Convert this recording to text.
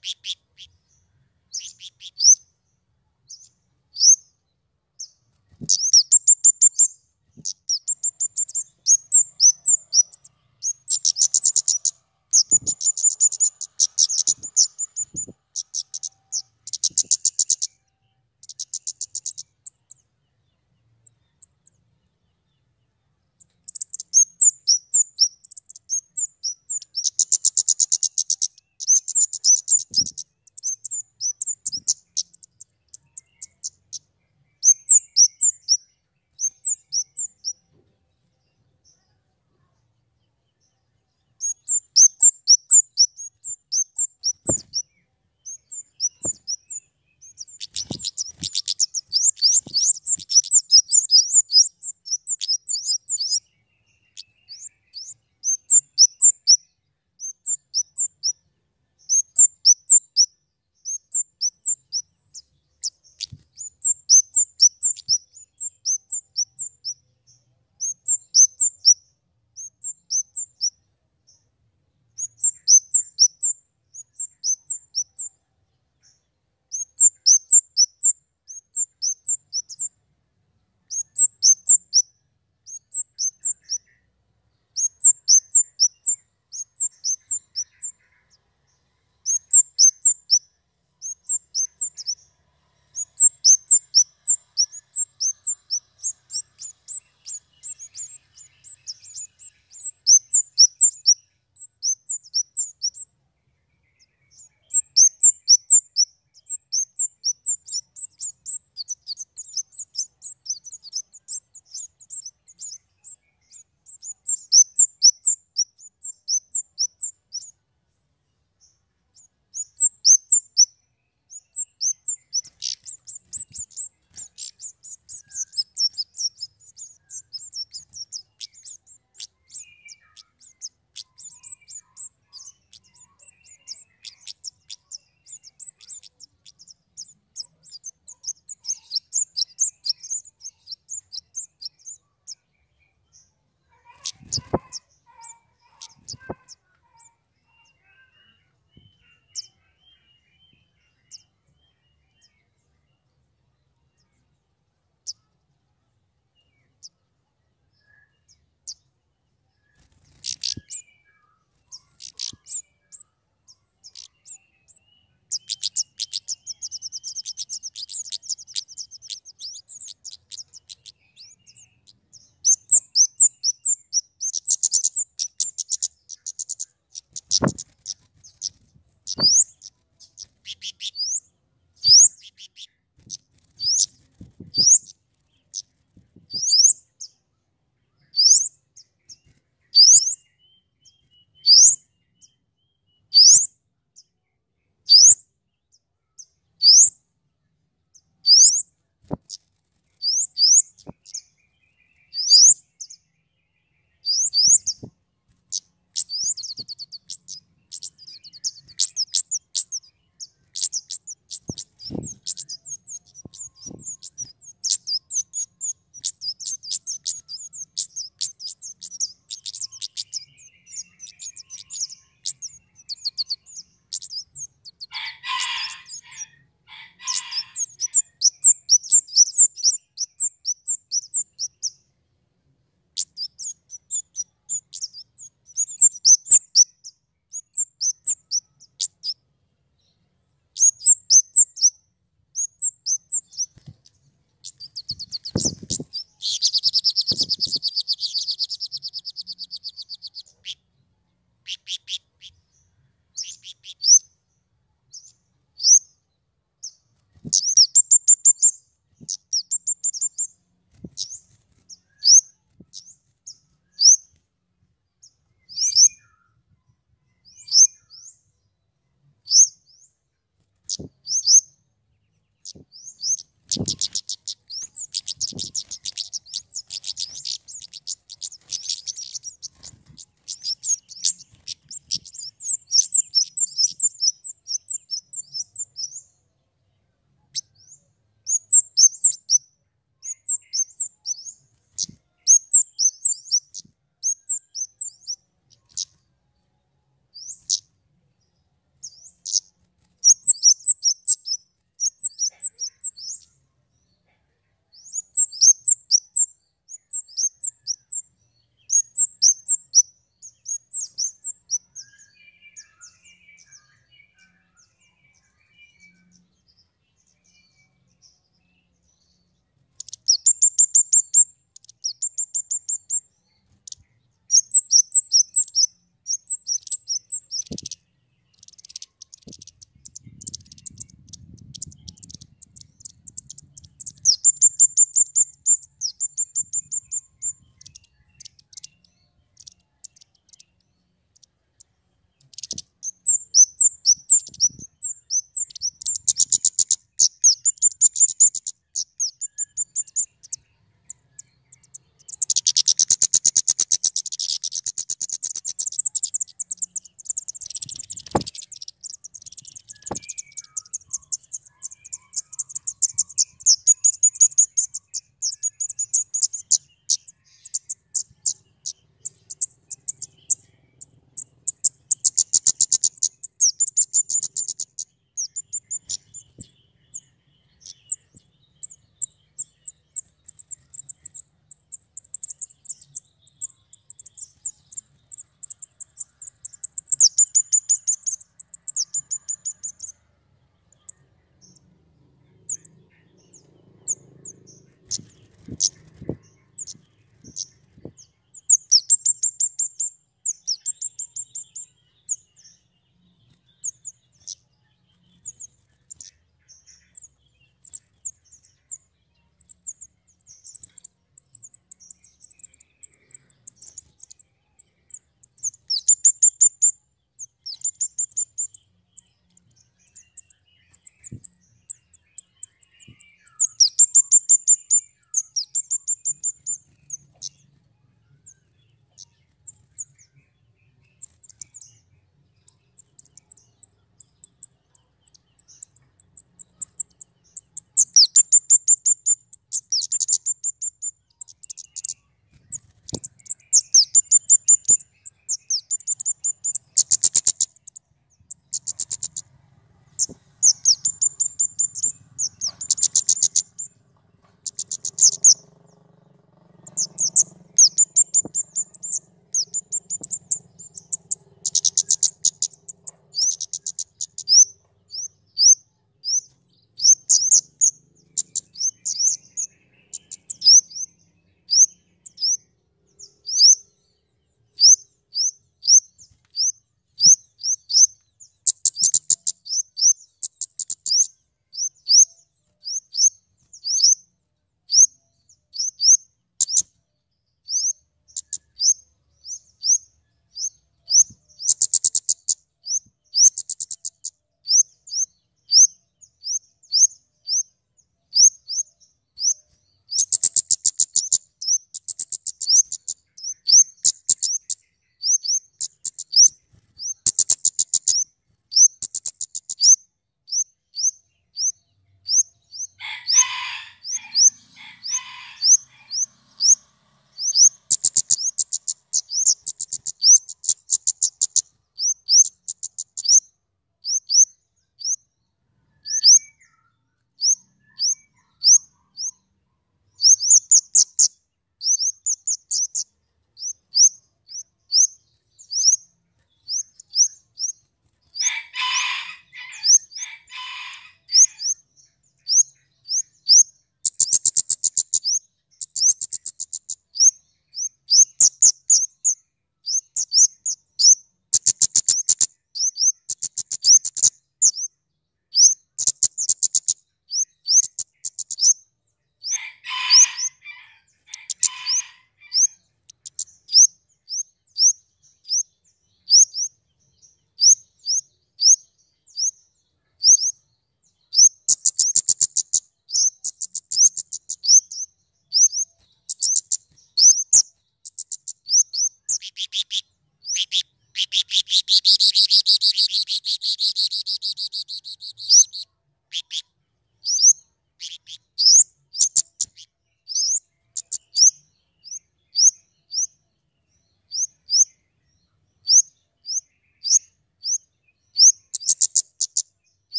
psh, psh, psh.